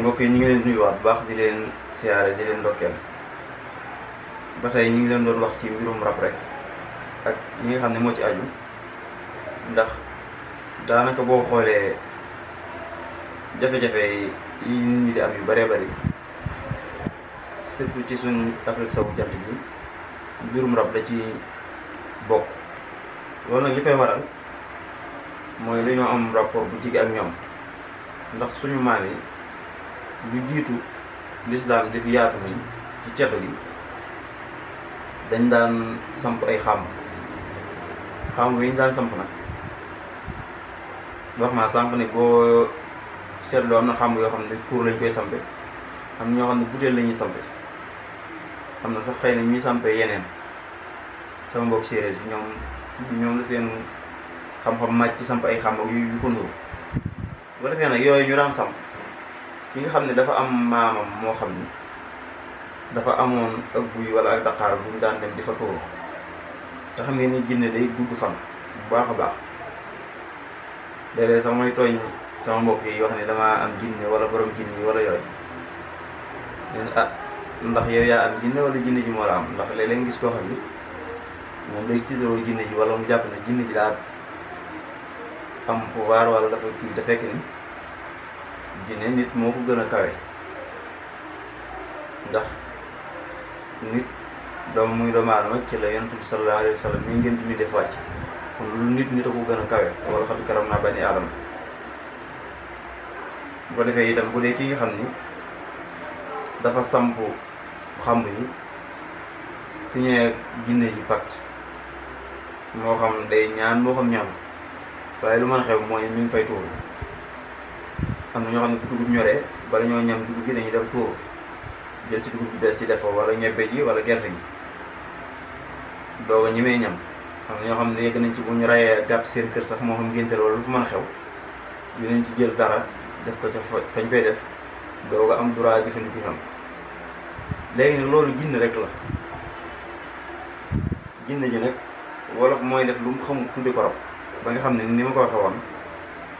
mbokk yi ñu ngi leen nuyuwaat bu baax di leen siyaare di leen ndokkeel ba tey ñu ngi leen doon wax ci mbirum rab rek ak yi nga xam ne moo ci aju ndax daanaka boo xoolee jafe-jafe yi nit ñi di am yu bëree bëri surtout ci suñ Afrique sowu jant gi mbirum rab la ci bokk loolu nag li fay waral mooy dañoo am rapport bu jige ak ñoom ndax suñu maam yi lu jiitu lislaam def yaatu mi ci ceddo gi dañ daan samp ay xàmm xàmm yi ñu daan samp nag wax naa samp ne boo seetloo am na xàmm yoo xam ne pour lañ koy sampe am ñoo xam ne butéel la sampe xam na sax xëy na ñuy sampe yeneen sama mbokk séeréer si ñoom ñoom la seen xam-xam màcc ci samp ay xàmm yu yu ko nuru bu defee nag yooyu ñu daan samp ki nga xam ne dafa am maamam moo xam ni dafa amoon ak guy wala ak daqaar bu ñu daan dem di fa tuuru nga xam ngeen ni jinne day gudd bu baax a baax léeg-léeg sax mooy tooñ sama mbokk yi wax ne damaa am jinne wala borom jinne yi wala yooyu leen ah ndax yow yaa am jinne wala jinne ji moo la am ndax léeg-léeg gis koo xam ni moom day tiitaroo jinne ji wala mu jàpp ne jinne ji daa am pouvoir wala dafa kii te fekk ni gine nit mo ko gën kawe ndax nit doomu muy doomu aadama ci la yantu sallallahu alaihi wasallam mi ngeen def wacc kon lu nit nit ko gëna kawé kawe wala xatu karam na bani adam bo defé itam bu dé ki nga xamni dafa samp xam ni signé jinne yi pat mo xam day ñaan mo xam ñam waye lu mën xew moy ñu fay tour am na ñoo xam ne dugub ñoree bala ñoo ñam dugub ji dañuy dem tuuru jël ci dugub ji bees ci def ko wala ñebbe ji wala gerte gi doog a ñemee ñam am na ñoo xam ne yegg nañ ci bu ñu rayee gàtt seen kër sax moo xam ngénte wala lu fu mën a xew dinañ ci jël dara def ko ca fañ koy def doog a am droit jëfandiku xam léegi nag loolu jinne rek la jinne ji nag wolof mooy def lu mu xamul tuddi ko ba nga xam ne ni ma ko waxee woon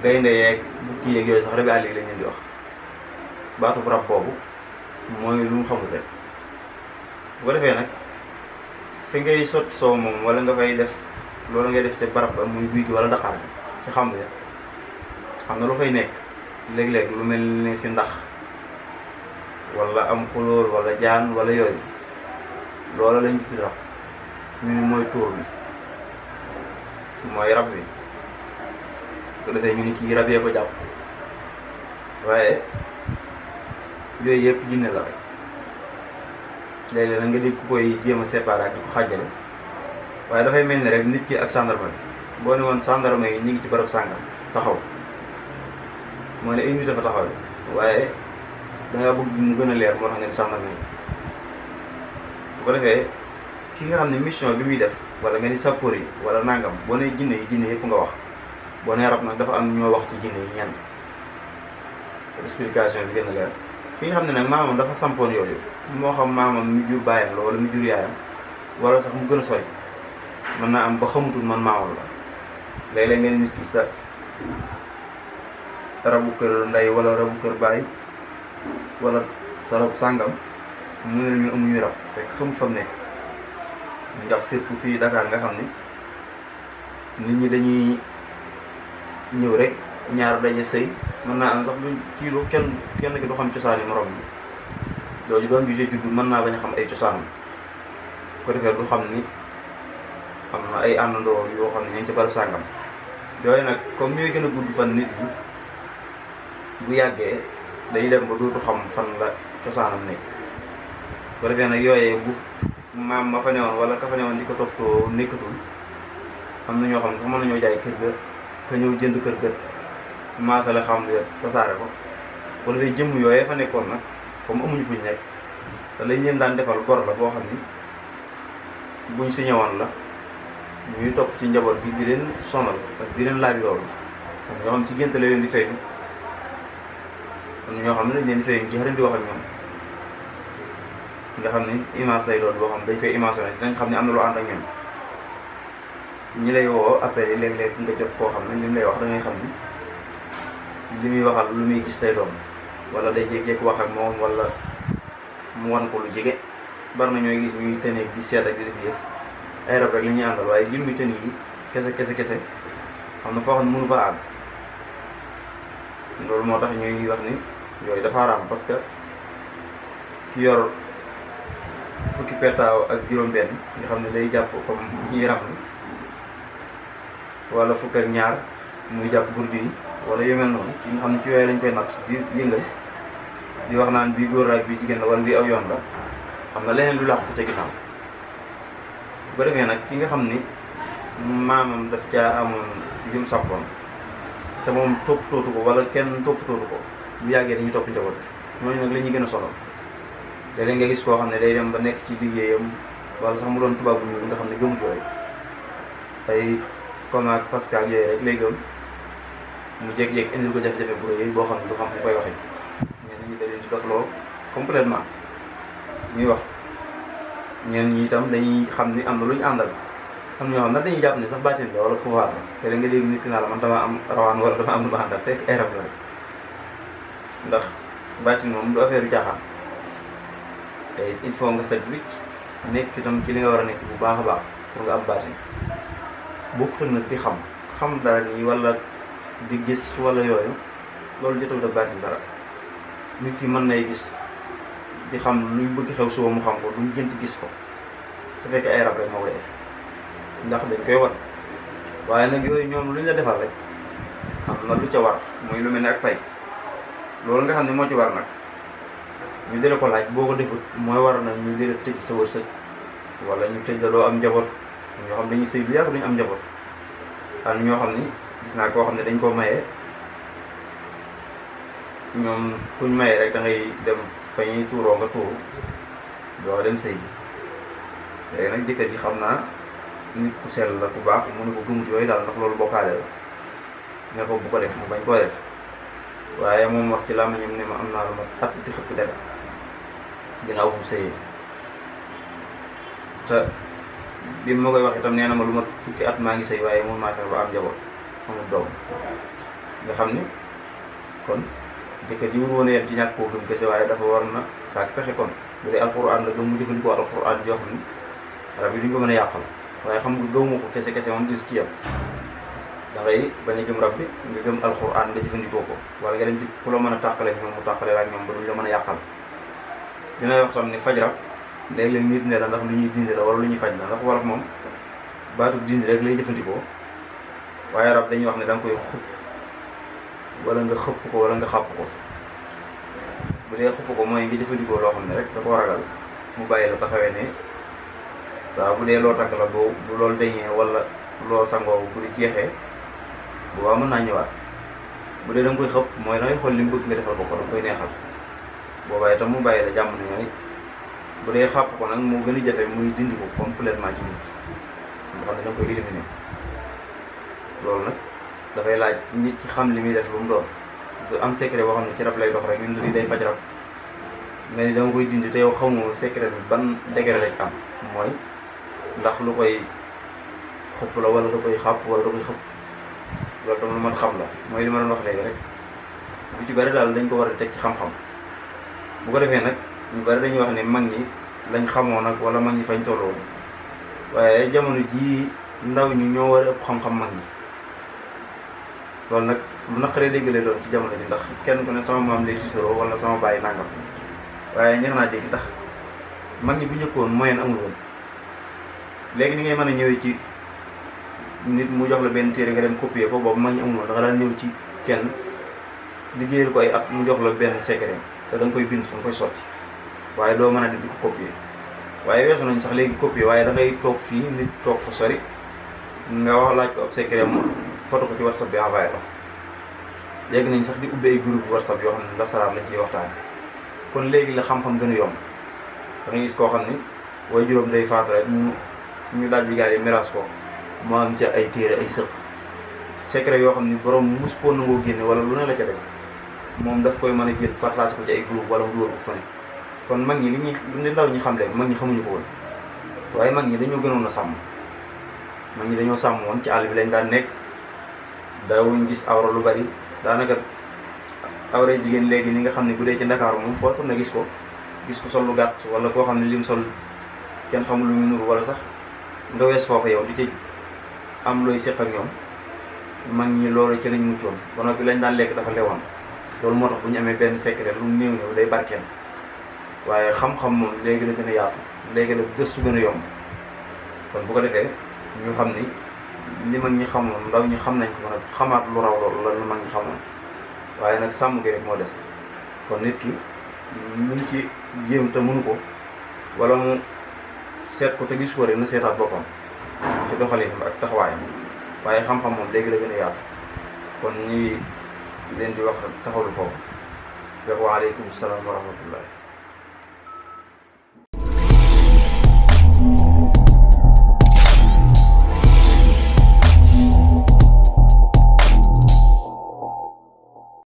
gaynde yeeg bukki yeeg yooyu sax rabi àll lañuy lañ leen di wax baatu rab boobu mooy lu mu xamul rek bu ko defee nag fi ngay sotti soow moom wala nga fay def loolu ngay def ca barab ba muy guy gi wala daqaar bi ci xam nga xam na lu fay nekk léeg-léeg lu mel ni si ndax wala am xulóor walla jaan wala yooyu loola lañ ci rab ñu ni mooy tuur bi mooy rab bi ko defee ñu ni kii rabee ko jàpp waaye yooyu yëpp jinne la rek léeg-léeg nag nga dégg ku koy jéem a séparé ak di ko xàjjale waaye dafay mel ni rek nit ki ak gendarme bi boo ne woon gendarme yi ñu ngi ci barab sàngam taxaw moo ne ay nit dafa taxaw waaye dangaa bëgg mu gën a leer moo tax nga ne gendarme yi bu ko defee ki nga xam ne mission bi muy def wala nga ni sappoor yi wala nangam boo ne jinne yi jinne yëpp nga wax boo nee rab nag dafa am ñoo wax ci jinne yi ñenn explication bi gën a leer ki nga xam ne nag maamam dafa sampoon yooyu moo xam maamam mi jur baayam la wala mi jur yaayam wala sax mu gën a sori mën naa am ba xamutul man maamam la léeg-léeg ngeen nit ki sa rabu kër ndey wala rabu kër baay wala sa rab sàngam mu ne la ñun amuñuy rab fekk xamut fa mu ndax surtout fii Dakar nga xam ni nit ñi dañuy ñëw rek ñaar daje sëy mën naa am sax duñ kiiru kenn kenn ki du xam cosaan yi morom bi loolu doom juddu mën naa bañ a xam ay cosaan ko defee xam ni am na ay àndandoo yoo xam ne ña ci barab sàngam yooyu nag comme ñooy gën a gudd fan nit ñi bu yàggee ba dootu xam fan la cosaanam nekk ko defee nag yooyee bu maam ma fa newoon wala ka fa newoon di ko toppatoo nekkatul am na ñoo xam ne sax mën ñoo jaay kër ga ka ñëw jënd kër kër maasale xam li tasaare ko bu defee jëmm yooyee fa nekkoon nag comme amuñu fuñ nekk te lañ leen daan defal gor la boo xam ni buñ si ñëwoon la ñuy topp ci njaboot bi di leen sonal ak di leen laaj loolu am ñoo xam ci gént la leen di feeñu am ñoo xam ne dañ leen di feeñu ci xarit di wax ak ñoom nga xam ni image lay doon boo xam dañ koy image nañ dañ xam ne am na lu ànd ak ñoom ñi lay wo appel yi léeg nga jot ko xam ne lay wax da ngay xam ni li waxal lu muy gis tay doom wala day jékki-jékki wax ak mom wala mu wan ko lu jege bar na ñoy gis muy tëneeg di sét ak di def ay rab rek li ñi andal waaye jimmi tën yi kese kese kese xam na foo mënu fa ag loolu moo tax ñuy wax ni yoy dafa ram parce que ki yor fukki pétaw ak juroom ben nga xam day japp comme ñuy ram wala fukk ak ñaar muy jàpp burju yi wala yu mel noonu ci nga xam ne ci yooyu lañ koy natt di yëngal bii góor ak jigéen la wala bii aw la xam nga leneen lu laax sa ca ginnaaw nag ki nga xam ni maamam daf caa amoon jum sàppoon te moom topp tootu ko wala kenn topp tootu ko mu yàggee nañu topp njaboot bi ñooñu nag la ñuy gën a solo léeg-léeg nga gis koo xam ne day dem ba nekk ci liggéeyam wala sax mu doon tubaab bu ñuul nga xam ne gëmu fooy ay comme ak Pascal yooyu rek lay gëm mu jékki-jékki indil ko jafe-jafe bu rëy boo xam ne du xam fu koy waxee ñenn ñi wax ñenn ñi itam dañuy xam ni am na luñ àndal am ñoo xam nag dañuy jàpp ni sax baatin la wala pouvoir la te da nga dégg nit ki naa la man dama am rawaan wala dama am lu ma àndal fekk erreur la rek ndax baatin moom du affaire caaxaan il faut nga set wicc nekk itam ci li nga war a nekk bu baax a baax pour nga am baatin bokkul nag di xam xam dara nii wala di gis wala yooyu loolu jotul da baatin dara nit ki mën nay gis di xam luy bëgg xew suba mu xam ko duñ gënt gis ko te fekk ay rab rek moo koy def ndax dañ koy wan waaye nag yooyu ñoom luñ la defal rek am na lu ca war muy lu mel ne ak pay loolu nga xam ne moo ci war nag ñu dële ko laaj boo ko defut mooy war nag ñu dële tëj sa wërsëg wala ñu tëj la am njaboot ñoo xam dañuy sëy bu yàgg duñu am njaboot am ñoo xam ni gis naa koo xam ne dañ koo maye ñoom kuñ maye rek da dem fa ñuy tuuroo nga tuuru doo dem sëy bi léegi nag ji xam naa nit ku sell la ku baax mu ko gëmut daal ndax loolu bokkaale la bu ko def mu bañ koo def waaye moom wax ci làmmiñam ne ma am naa lu ma at di xëpp dara ginnaaw bi ma koy wax itam nee na ma lu ma fukki at maa ngi sëy waaye moom maa fexe ba am njaboot amul doom nga xam ni kon jëkkër ji wur woon a ci ñàkk koo gëm kese waaye dafa war na saak pexe kon bu dee alxuraan la gëm mu jëfandikoo alxuraan joo xam ni rab yi duñ ko mën a yàqal waaye xam nga gëmuma ko kese kese moom dis ci yam dangay bañ a gëm rab bi nga gëm alxuraan nga jëfandikoo ko wala nga dem ci ku la mën a tàqale moom mu tàqale laak ñoom ba duñ la mën a yàqal dina wax tam ni faj rab léegi léeg nit ne la ndax lu ñuy dindi la wala lu ñuy faj la ndax wolof moom baatu dindi rek lay jëfandikoo waaye rab dañuy wax ne da nga koy xupp wala nga xëpp ko wala nga xàpp ko bu dee xëpp ko mooy nga jëfandikoo loo xam ne rek da ko ragal mu bàyyi la taxawee ne saa bu dee loo takk la boo bu loolu dañee wala loo sangoo bu naa ñëwaat bu dee da koy xëpp mooy da ngay xool li mu bëgg nga defal ko ko koy neexal boobaaye bàyyi tam mu bàyyi la jàmm ne ñooy bu dee fàpp ko nag moo gën a jafe muy dindi ko complètement ci nit ki xam ne da nga koy éliminer loolu nag dafay laaj nit ci xam li muy def lu mu doon du am secret boo xam ne ci rab lay dox rek ñun li day faj rab nga ni dama koy dindi te yow xamoo secret bi ban degré lay am lu koy xupp la wala lu koy xàpp wala lu koy xëpp loolu tam lu man xam la mooy li ma doon wax léegi rek bu ci bari daal dañ ko war a teg ci xam-xam bu ko defee nag ñu bari dañuy wax ne mag ñi lañ xamoo nag wala mag ñi fañ tolloon waaye jamono jii ndaw ñu ñoo war a ëpp xam-xam mag ñi loolu nag lu naqaree dégg lay doon ci jamono ji ndax kenn ku ne sama maam lay tiitaroo wala sama bàyyi nangam waaye ñeex naa dégg ndax mag ñi bu njëkkoon moyen amul woon léegi ni ngay mën a ñëwee ci nit mu jox la benn téere nga dem copier ko boobu mag ñi amul woon da ñëw ci kenn liggéeyal ko ay at mu jox la benn secret te da koy bind da nga waaye doo mën a di di ko copier waaye weesu nañ sax léegi yi waaye da ngay toog fii nit toog fa sori nga wax laaj ko ab secret mu foto ko ci whatsapp bi envoyé ko léegi nañ sax di ubbi ay groupe whatsapp yoo xam ne lasaraar lañ ciy waxtaan kon léegi la xam-xam gën a yomb da gis koo xam ni waaye juróom day faatu rek mu ñu daal di gaal yi miraas ko mu am ca ay téere ay sëq secret yoo xam ni borom mus koo nangoo génne wala lu ne la ca moom daf koy mën a jël partage ko ci ay wala mu dugal fa ne kon mag ñi li ñuy li ndaw ñi xam léegi mag ñi xamuñu ko woon waaye mag ñi dañoo gënoon a sàmm mag ñi dañoo sàmm woon ci àll bi lañ daan nekk daawuñ gis awra lu bari daanaka awra jigéen léegi ni nga xam ne bu dee ci Ndakaaru moom foo tur na gis ko gis ko sol lu gàtt wala koo xam ne lim sol kenn xamul lu mu nuru wala sax nga wees foofa yow di ci am looy séq ak ñoom mag ñi loolu ci lañ muccoon ba noppi lañ daan lekk dafa lewoon loolu moo tax bu ñu amee benn secret lu mu néew néew waaye xam-xam moom léegi la gën a yaatu léegi la gëstu gën a yomb kon bu ko defee ñu xam ni li mag ñi xamoon ndaw ñi xam nañ ko nag xamaat lu raw loolu la lu mag ñi xamoon waaye nag sàmm gi rek moo des kon nit ki mu ngi ci jéem te mënu ko wala mu seet ko te gis ko rek na seetaat boppam ci doxalinam ak taxawaayam waaye xam-xam moom léegi la gën a yaatu kon ñuy leen di wax taxawlu foofu wax waaleykum salaam wa rahmatullah